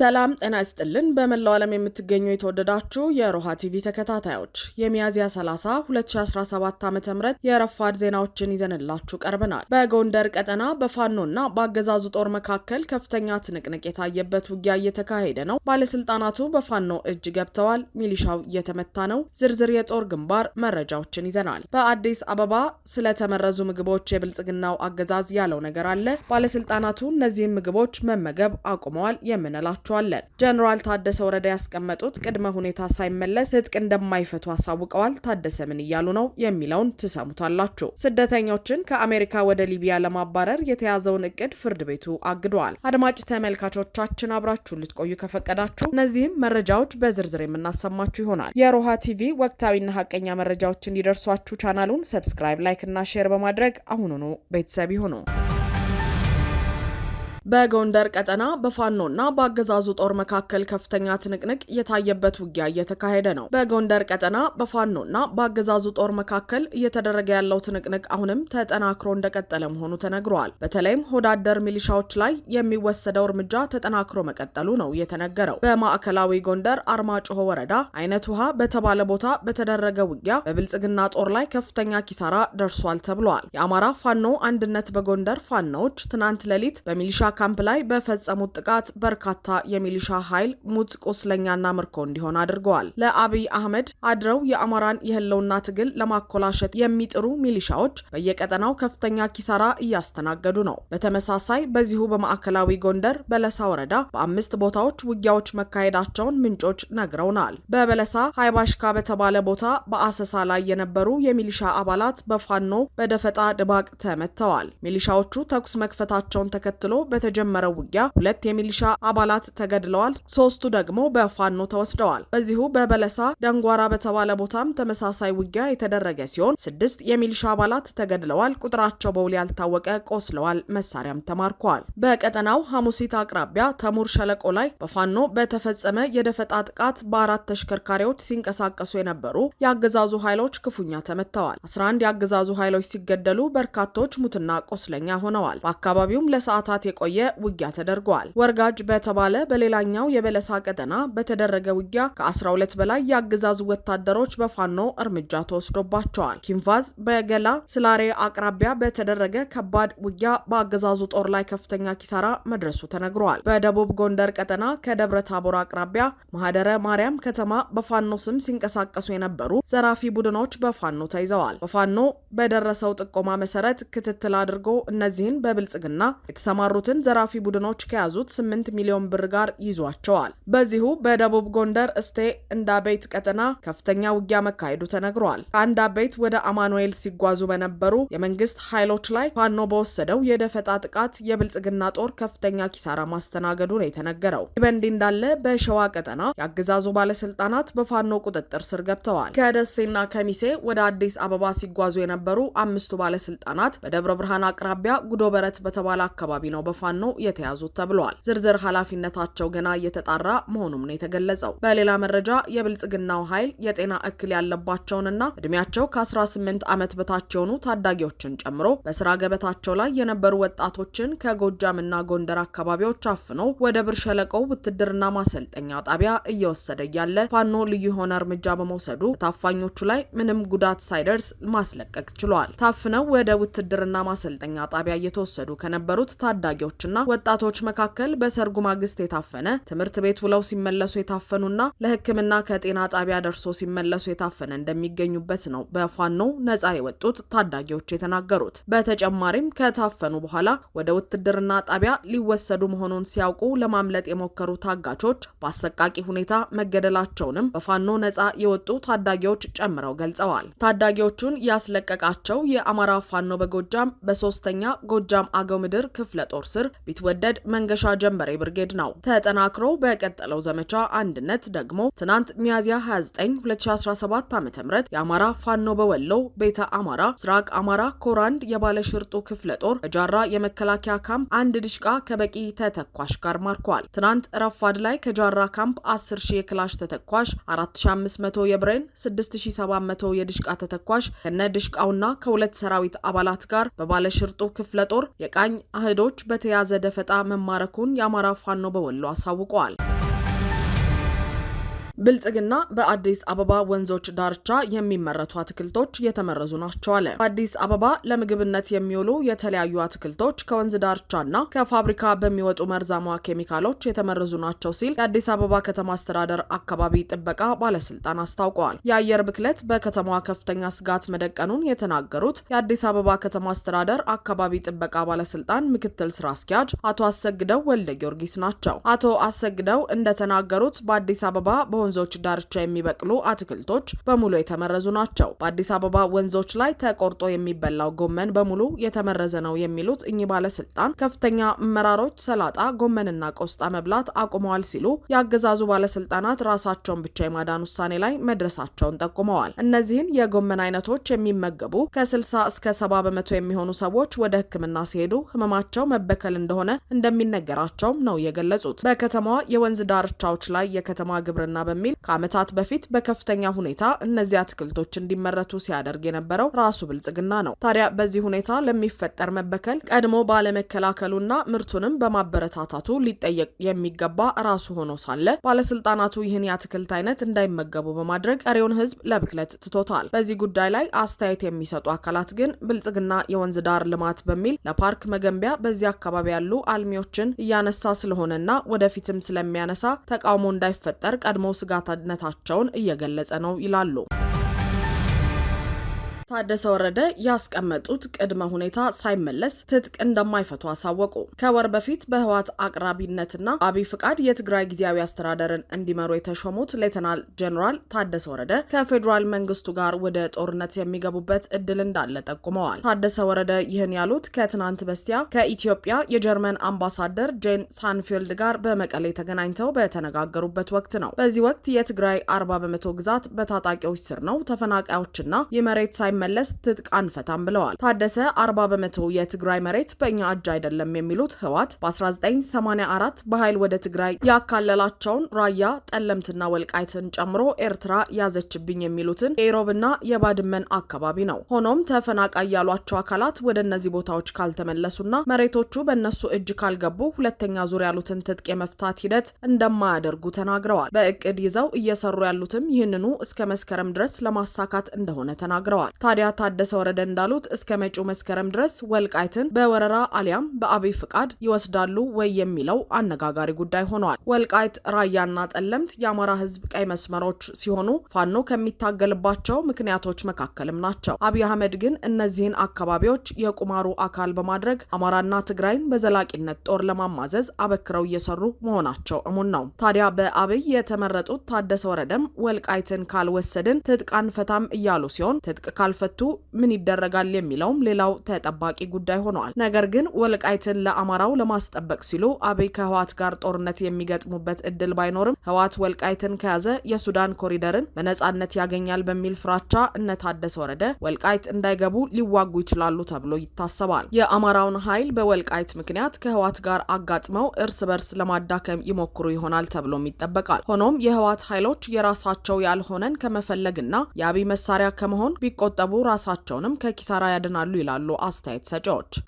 ሰላም ጤና ይስጥልን። በመላው ዓለም የምትገኙ የተወደዳችሁ የሮሃ ቲቪ ተከታታዮች የሚያዝያ 30 2017 ዓ ም የረፋድ ዜናዎችን ይዘንላችሁ ቀርበናል። በጎንደር ቀጠና በፋኖና በአገዛዙ ጦር መካከል ከፍተኛ ትንቅንቅ የታየበት ውጊያ እየተካሄደ ነው። ባለስልጣናቱ በፋኖ እጅ ገብተዋል። ሚሊሻው እየተመታ ነው። ዝርዝር የጦር ግንባር መረጃዎችን ይዘናል። በአዲስ አበባ ስለተመረዙ ምግቦች የብልጽግናው አገዛዝ ያለው ነገር አለ። ባለስልጣናቱ እነዚህም ምግቦች መመገብ አቁመዋል የምንላችሁ እንጠይቃቸዋለን። ጀኔራል ታደሰ ወረደ ያስቀመጡት ቅድመ ሁኔታ ሳይመለስ ህጥቅ እንደማይፈቱ አሳውቀዋል። ታደሰ ምን እያሉ ነው የሚለውን ትሰሙታላችሁ። ስደተኞችን ከአሜሪካ ወደ ሊቢያ ለማባረር የተያዘውን እቅድ ፍርድ ቤቱ አግደዋል። አድማጭ ተመልካቾቻችን አብራችሁን ልትቆዩ ከፈቀዳችሁ እነዚህም መረጃዎች በዝርዝር የምናሰማችሁ ይሆናል። የሮሃ ቲቪ ወቅታዊና ሀቀኛ መረጃዎች እንዲደርሷችሁ ቻናሉን ሰብስክራይብ፣ ላይክ እና ሼር በማድረግ አሁኑኑ ቤተሰብ ይሁኑ። በጎንደር ቀጠና በፋኖና በአገዛዙ ጦር መካከል ከፍተኛ ትንቅንቅ የታየበት ውጊያ እየተካሄደ ነው። በጎንደር ቀጠና በፋኖና በአገዛዙ ጦር መካከል እየተደረገ ያለው ትንቅንቅ አሁንም ተጠናክሮ እንደቀጠለ መሆኑ ተነግሯል። በተለይም ሆዳደር ሚሊሻዎች ላይ የሚወሰደው እርምጃ ተጠናክሮ መቀጠሉ ነው የተነገረው። በማዕከላዊ ጎንደር አርማጭሆ ወረዳ አይነት ውሃ በተባለ ቦታ በተደረገ ውጊያ በብልጽግና ጦር ላይ ከፍተኛ ኪሳራ ደርሷል ተብሏል። የአማራ ፋኖ አንድነት በጎንደር ፋኖዎች ትናንት ሌሊት በሚሊሻ ካምፕ ላይ በፈጸሙት ጥቃት በርካታ የሚሊሻ ኃይል ሙት፣ ቁስለኛና ምርኮ እንዲሆን አድርገዋል። ለአብይ አህመድ አድረው የአማራን የህልውና ትግል ለማኮላሸት የሚጥሩ ሚሊሻዎች በየቀጠናው ከፍተኛ ኪሳራ እያስተናገዱ ነው። በተመሳሳይ በዚሁ በማዕከላዊ ጎንደር በለሳ ወረዳ በአምስት ቦታዎች ውጊያዎች መካሄዳቸውን ምንጮች ነግረውናል። በበለሳ ሀይባሽካ በተባለ ቦታ በአሰሳ ላይ የነበሩ የሚሊሻ አባላት በፋኖ በደፈጣ ድባቅ ተመትተዋል። ሚሊሻዎቹ ተኩስ መክፈታቸውን ተከትሎ በተጀመረው ውጊያ ሁለት የሚሊሻ አባላት ተገድለዋል፣ ሶስቱ ደግሞ በፋኖ ተወስደዋል። በዚሁ በበለሳ ደንጓራ በተባለ ቦታም ተመሳሳይ ውጊያ የተደረገ ሲሆን ስድስት የሚሊሻ አባላት ተገድለዋል፣ ቁጥራቸው በውል ያልታወቀ ቆስለዋል፣ መሳሪያም ተማርከዋል። በቀጠናው ሐሙሲት አቅራቢያ ተሙር ሸለቆ ላይ በፋኖ በተፈጸመ የደፈጣ ጥቃት በአራት ተሽከርካሪዎች ሲንቀሳቀሱ የነበሩ የአገዛዙ ኃይሎች ክፉኛ ተመተዋል። 11 የአገዛዙ ኃይሎች ሲገደሉ በርካቶች ሙትና ቆስለኛ ሆነዋል። በአካባቢውም ለሰዓታት የቆየ የቆየ ውጊያ ተደርጓል። ወርጋጅ በተባለ በሌላኛው የበለሳ ቀጠና በተደረገ ውጊያ ከ12 በላይ የአገዛዙ ወታደሮች በፋኖ እርምጃ ተወስዶባቸዋል። ኪንቫዝ በገላ ስላሬ አቅራቢያ በተደረገ ከባድ ውጊያ በአገዛዙ ጦር ላይ ከፍተኛ ኪሳራ መድረሱ ተነግሯል። በደቡብ ጎንደር ቀጠና ከደብረ ታቦር አቅራቢያ ማህደረ ማርያም ከተማ በፋኖ ስም ሲንቀሳቀሱ የነበሩ ዘራፊ ቡድኖች በፋኖ ተይዘዋል። በፋኖ በደረሰው ጥቆማ መሰረት ክትትል አድርጎ እነዚህን በብልጽግና የተሰማሩትን ሁለቱንም ዘራፊ ቡድኖች ከያዙት 8 ሚሊዮን ብር ጋር ይዟቸዋል። በዚሁ በደቡብ ጎንደር እስቴ እንዳቤት ቀጠና ከፍተኛ ውጊያ መካሄዱ ተነግሯል። ከአንዳቤት ወደ አማኑኤል ሲጓዙ በነበሩ የመንግስት ኃይሎች ላይ ፋኖ በወሰደው የደፈጣ ጥቃት የብልጽግና ጦር ከፍተኛ ኪሳራ ማስተናገዱ ነው የተነገረው። ይህ በእንዲህ እንዳለ በሸዋ ቀጠና የአገዛዙ ባለስልጣናት በፋኖ ቁጥጥር ስር ገብተዋል። ከደሴና ከሚሴ ወደ አዲስ አበባ ሲጓዙ የነበሩ አምስቱ ባለስልጣናት በደብረ ብርሃን አቅራቢያ ጉዶ በረት በተባለ አካባቢ ነው በፋ ፋኖ የተያዙት ተብለዋል። ዝርዝር ኃላፊነታቸው ገና እየተጣራ መሆኑም ነው የተገለጸው። በሌላ መረጃ የብልጽግናው ኃይል የጤና እክል ያለባቸውንና እድሜያቸው ከ18 ዓመት በታች የሆኑ ታዳጊዎችን ጨምሮ በስራ ገበታቸው ላይ የነበሩ ወጣቶችን ከጎጃምና ጎንደር አካባቢዎች አፍኖ ወደ ብር ሸለቆው ውትድርና ማሰልጠኛ ጣቢያ እየወሰደ እያለ ፋኖ ልዩ የሆነ እርምጃ በመውሰዱ ታፋኞቹ ላይ ምንም ጉዳት ሳይደርስ ማስለቀቅ ችሏል። ታፍነው ወደ ውትድርና ማሰልጠኛ ጣቢያ እየተወሰዱ ከነበሩት ታዳጊዎች ተማሪዎችና ወጣቶች መካከል በሰርጉ ማግስት የታፈነ ትምህርት ቤት ውለው ሲመለሱ የታፈኑና ለሕክምና ከጤና ጣቢያ ደርሶ ሲመለሱ የታፈነ እንደሚገኙበት ነው በፋኖ ነጻ የወጡት ታዳጊዎች የተናገሩት። በተጨማሪም ከታፈኑ በኋላ ወደ ውትድርና ጣቢያ ሊወሰዱ መሆኑን ሲያውቁ ለማምለጥ የሞከሩ ታጋቾች በአሰቃቂ ሁኔታ መገደላቸውንም በፋኖ ነጻ የወጡ ታዳጊዎች ጨምረው ገልጸዋል። ታዳጊዎቹን ያስለቀቃቸው የአማራ ፋኖ በጎጃም በሶስተኛ ጎጃም አገው ምድር ክፍለ ጦር ስር ቢትወደድ መንገሻ ጀንበሬ ብርጌድ ነው። ተጠናክሮ በቀጠለው ዘመቻ አንድነት ደግሞ ትናንት ሚያዝያ 29 2017 ዓ ም የአማራ ፋኖ በወሎ ቤተ አማራ ስራቅ አማራ ኮራንድ የባለ ሽርጡ ክፍለ ጦር በጃራ የመከላከያ ካምፕ አንድ ድሽቃ ከበቂ ተተኳሽ ጋር ማርኳል። ትናንት ረፋድ ላይ ከጃራ ካምፕ 10 ሺህ የክላሽ ተተኳሽ፣ 4500 የብሬን፣ 6700 የድሽቃ ተተኳሽ ከነ ድሽቃውና ከሁለት ሰራዊት አባላት ጋር በባለሽርጡ ክፍለ ጦር የቃኝ አህዶች በቴ በተያዘ ደፈጣ መማረኩን የአማራ ፋኖ በወሎ አሳውቀዋል። ብልጽግና በአዲስ አበባ ወንዞች ዳርቻ የሚመረቱ አትክልቶች የተመረዙ ናቸው አለ። በአዲስ አበባ ለምግብነት የሚውሉ የተለያዩ አትክልቶች ከወንዝ ዳርቻና ከፋብሪካ በሚወጡ መርዛማ ኬሚካሎች የተመረዙ ናቸው ሲል የአዲስ አበባ ከተማ አስተዳደር አካባቢ ጥበቃ ባለስልጣን አስታውቀዋል። የአየር ብክለት በከተማዋ ከፍተኛ ስጋት መደቀኑን የተናገሩት የአዲስ አበባ ከተማ አስተዳደር አካባቢ ጥበቃ ባለስልጣን ምክትል ስራ አስኪያጅ አቶ አሰግደው ወልደ ጊዮርጊስ ናቸው። አቶ አሰግደው እንደተናገሩት በአዲስ አበባ በወንዝ ወንዞች ዳርቻ የሚበቅሉ አትክልቶች በሙሉ የተመረዙ ናቸው። በአዲስ አበባ ወንዞች ላይ ተቆርጦ የሚበላው ጎመን በሙሉ የተመረዘ ነው የሚሉት እኚህ ባለስልጣን ከፍተኛ አመራሮች ሰላጣ፣ ጎመንና ቆስጣ መብላት አቁመዋል ሲሉ የአገዛዙ ባለስልጣናት ራሳቸውን ብቻ የማዳን ውሳኔ ላይ መድረሳቸውን ጠቁመዋል። እነዚህን የጎመን አይነቶች የሚመገቡ ከ60 እስከ 70 በመቶ የሚሆኑ ሰዎች ወደ ሕክምና ሲሄዱ ህመማቸው መበከል እንደሆነ እንደሚነገራቸውም ነው የገለጹት። በከተማዋ የወንዝ ዳርቻዎች ላይ የከተማ ግብርና በሚ በሚል ከዓመታት በፊት በከፍተኛ ሁኔታ እነዚህ አትክልቶች እንዲመረቱ ሲያደርግ የነበረው ራሱ ብልጽግና ነው። ታዲያ በዚህ ሁኔታ ለሚፈጠር መበከል ቀድሞ ባለመከላከሉና ምርቱንም በማበረታታቱ ሊጠየቅ የሚገባ ራሱ ሆኖ ሳለ ባለስልጣናቱ ይህን የአትክልት አይነት እንዳይመገቡ በማድረግ ቀሪውን ህዝብ ለብክለት ትቶታል። በዚህ ጉዳይ ላይ አስተያየት የሚሰጡ አካላት ግን ብልጽግና የወንዝ ዳር ልማት በሚል ለፓርክ መገንቢያ በዚህ አካባቢ ያሉ አልሚዎችን እያነሳ ስለሆነና ወደፊትም ስለሚያነሳ ተቃውሞ እንዳይፈጠር ቀድሞ ስጋ ነታቸውን እየገለጸ ነው ይላሉ። ታደሰ ወረደ ያስቀመጡት ቅድመ ሁኔታ ሳይመለስ ትጥቅ እንደማይፈቱ አሳወቁ። ከወር በፊት በህወሓት አቅራቢነትና አብይ ፍቃድ የትግራይ ጊዜያዊ አስተዳደርን እንዲመሩ የተሾሙት ሌተናል ጀኔራል ታደሰ ወረደ ከፌዴራል መንግስቱ ጋር ወደ ጦርነት የሚገቡበት እድል እንዳለ ጠቁመዋል። ታደሰ ወረደ ይህን ያሉት ከትናንት በስቲያ ከኢትዮጵያ የጀርመን አምባሳደር ጄን ሳንፊልድ ጋር በመቀሌ ተገናኝተው በተነጋገሩበት ወቅት ነው። በዚህ ወቅት የትግራይ አርባ በመቶ ግዛት በታጣቂዎች ስር ነው፣ ተፈናቃዮችና የመሬት ሳይ እንዲመለስ ትጥቅ አንፈታም ብለዋል። ታደሰ አርባ በመቶ የትግራይ መሬት በእኛ እጅ አይደለም የሚሉት ህወሓት በ1984 በኃይል ወደ ትግራይ ያካለላቸውን ራያ ጠለምትና ወልቃይትን ጨምሮ ኤርትራ ያዘችብኝ የሚሉትን የኢሮብና የባድመን አካባቢ ነው። ሆኖም ተፈናቃይ ያሏቸው አካላት ወደ እነዚህ ቦታዎች ካልተመለሱና መሬቶቹ በእነሱ እጅ ካልገቡ ሁለተኛ ዙር ያሉትን ትጥቅ የመፍታት ሂደት እንደማያደርጉ ተናግረዋል። በእቅድ ይዘው እየሰሩ ያሉትም ይህንኑ እስከ መስከረም ድረስ ለማሳካት እንደሆነ ተናግረዋል። ታዲያ ታደሰ ወረደ እንዳሉት እስከ መጪው መስከረም ድረስ ወልቃይትን በወረራ አሊያም በአብይ ፍቃድ ይወስዳሉ ወይ የሚለው አነጋጋሪ ጉዳይ ሆኗል። ወልቃይት፣ ራያና ጠለምት የአማራ ህዝብ ቀይ መስመሮች ሲሆኑ ፋኖ ከሚታገልባቸው ምክንያቶች መካከልም ናቸው። አብይ አህመድ ግን እነዚህን አካባቢዎች የቁማሩ አካል በማድረግ አማራና ትግራይን በዘላቂነት ጦር ለማማዘዝ አበክረው እየሰሩ መሆናቸው እሙን ነው። ታዲያ በአብይ የተመረጡት ታደሰ ወረደም ወልቃይትን ካልወሰድን ትጥቅ አንፈታም እያሉ ሲሆን ትጥቅ ካልፈ ካልፈቱ ምን ይደረጋል የሚለውም ሌላው ተጠባቂ ጉዳይ ሆነዋል። ነገር ግን ወልቃይትን ለአማራው ለማስጠበቅ ሲሉ አብይ ከህዋት ጋር ጦርነት የሚገጥሙበት እድል ባይኖርም ህዋት ወልቃይትን ከያዘ የሱዳን ኮሪደርን በነጻነት ያገኛል በሚል ፍራቻ እነ ወረደ ወልቃይት እንዳይገቡ ሊዋጉ ይችላሉ ተብሎ ይታሰባል። የአማራውን ኃይል በወልቃይት ምክንያት ከህዋት ጋር አጋጥመው እርስ በርስ ለማዳከም ይሞክሩ ይሆናል ተብሎም ይጠበቃል። ሆኖም የህዋት ኃይሎች የራሳቸው ያልሆነን ከመፈለግና የአብይ መሳሪያ ከመሆን ቢቆጠቡ ራሳቸውንም ከኪሳራ ያድናሉ ይላሉ አስተያየት ሰጪዎች።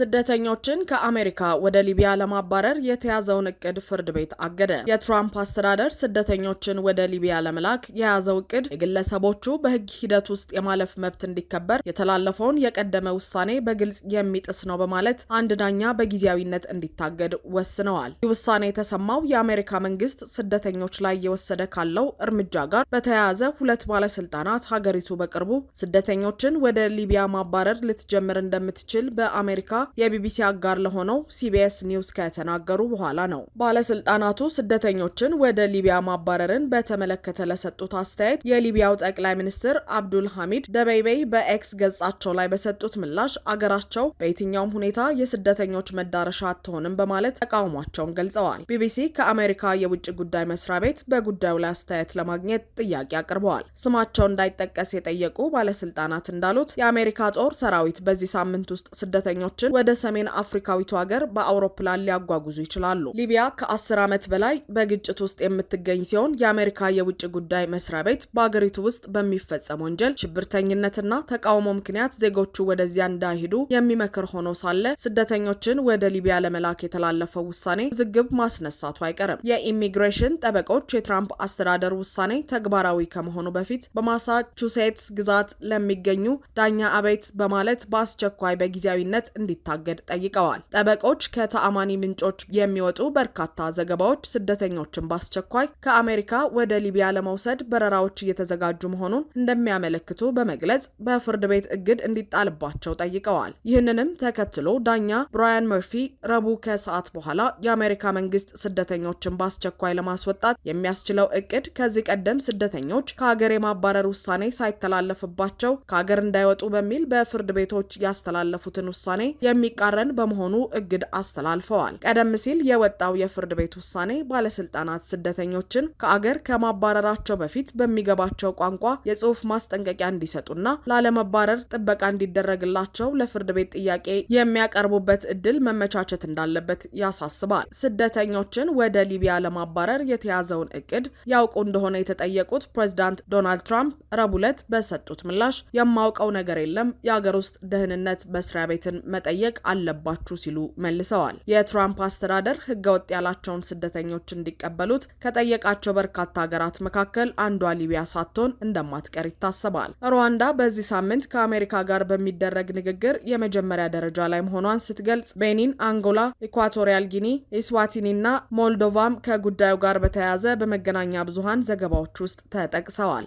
ስደተኞችን ከአሜሪካ ወደ ሊቢያ ለማባረር የተያዘውን እቅድ ፍርድ ቤት አገደ። የትራምፕ አስተዳደር ስደተኞችን ወደ ሊቢያ ለመላክ የያዘው እቅድ የግለሰቦቹ በሕግ ሂደት ውስጥ የማለፍ መብት እንዲከበር የተላለፈውን የቀደመ ውሳኔ በግልጽ የሚጥስ ነው በማለት አንድ ዳኛ በጊዜያዊነት እንዲታገድ ወስነዋል። ይህ ውሳኔ የተሰማው የአሜሪካ መንግስት ስደተኞች ላይ እየወሰደ ካለው እርምጃ ጋር በተያያዘ ሁለት ባለስልጣናት ሀገሪቱ በቅርቡ ስደተኞችን ወደ ሊቢያ ማባረር ልትጀምር እንደምትችል በአሜሪካ የቢቢሲ አጋር ለሆነው ሲቢኤስ ኒውስ ከተናገሩ በኋላ ነው። ባለስልጣናቱ ስደተኞችን ወደ ሊቢያ ማባረርን በተመለከተ ለሰጡት አስተያየት የሊቢያው ጠቅላይ ሚኒስትር አብዱል ሐሚድ ደበይበይ በኤክስ ገጻቸው ላይ በሰጡት ምላሽ አገራቸው በየትኛውም ሁኔታ የስደተኞች መዳረሻ አትሆንም በማለት ተቃውሟቸውን ገልጸዋል። ቢቢሲ ከአሜሪካ የውጭ ጉዳይ መስሪያ ቤት በጉዳዩ ላይ አስተያየት ለማግኘት ጥያቄ አቅርበዋል። ስማቸው እንዳይጠቀስ የጠየቁ ባለስልጣናት እንዳሉት የአሜሪካ ጦር ሰራዊት በዚህ ሳምንት ውስጥ ስደተኞችን ወደ ሰሜን አፍሪካዊቱ ሀገር በአውሮፕላን ሊያጓጉዙ ይችላሉ። ሊቢያ ከአስር ዓመት በላይ በግጭት ውስጥ የምትገኝ ሲሆን የአሜሪካ የውጭ ጉዳይ መስሪያ ቤት በአገሪቱ ውስጥ በሚፈጸም ወንጀል ሽብርተኝነትና ተቃውሞ ምክንያት ዜጎቹ ወደዚያ እንዳይሄዱ የሚመክር ሆኖ ሳለ ስደተኞችን ወደ ሊቢያ ለመላክ የተላለፈው ውሳኔ ውዝግብ ማስነሳቱ አይቀርም። የኢሚግሬሽን ጠበቆች የትራምፕ አስተዳደር ውሳኔ ተግባራዊ ከመሆኑ በፊት በማሳቹሴትስ ግዛት ለሚገኙ ዳኛ አቤት በማለት በአስቸኳይ በጊዜያዊነት እንዲ እንዲታገድ ጠይቀዋል። ጠበቆች ከተአማኒ ምንጮች የሚወጡ በርካታ ዘገባዎች ስደተኞችን በአስቸኳይ ከአሜሪካ ወደ ሊቢያ ለመውሰድ በረራዎች እየተዘጋጁ መሆኑን እንደሚያመለክቱ በመግለጽ በፍርድ ቤት እግድ እንዲጣልባቸው ጠይቀዋል። ይህንንም ተከትሎ ዳኛ ብራያን መርፊ ረቡዕ ከሰዓት በኋላ የአሜሪካ መንግስት ስደተኞችን በአስቸኳይ ለማስወጣት የሚያስችለው እቅድ ከዚህ ቀደም ስደተኞች ከሀገር የማባረር ውሳኔ ሳይተላለፍባቸው ከሀገር እንዳይወጡ በሚል በፍርድ ቤቶች ያስተላለፉትን ውሳኔ የሚቃረን በመሆኑ እግድ አስተላልፈዋል። ቀደም ሲል የወጣው የፍርድ ቤት ውሳኔ ባለስልጣናት ስደተኞችን ከአገር ከማባረራቸው በፊት በሚገባቸው ቋንቋ የጽሁፍ ማስጠንቀቂያ እንዲሰጡና ላለመባረር ጥበቃ እንዲደረግላቸው ለፍርድ ቤት ጥያቄ የሚያቀርቡበት እድል መመቻቸት እንዳለበት ያሳስባል። ስደተኞችን ወደ ሊቢያ ለማባረር የተያዘውን እቅድ ያውቁ እንደሆነ የተጠየቁት ፕሬዚዳንት ዶናልድ ትራምፕ ረቡዕ ዕለት በሰጡት ምላሽ የማውቀው ነገር የለም፣ የአገር ውስጥ ደህንነት መስሪያ ቤትን መጠየቅ መጠየቅ አለባችሁ ሲሉ መልሰዋል። የትራምፕ አስተዳደር ህገወጥ ያላቸውን ስደተኞች እንዲቀበሉት ከጠየቃቸው በርካታ ሀገራት መካከል አንዷ ሊቢያ ሳትሆን እንደማትቀር ይታሰባል። ሩዋንዳ በዚህ ሳምንት ከአሜሪካ ጋር በሚደረግ ንግግር የመጀመሪያ ደረጃ ላይ መሆኗን ስትገልጽ፣ ቤኒን፣ አንጎላ፣ ኢኳቶሪያል ጊኒ፣ ኢስዋቲኒ እና ሞልዶቫም ከጉዳዩ ጋር በተያያዘ በመገናኛ ብዙሃን ዘገባዎች ውስጥ ተጠቅሰዋል።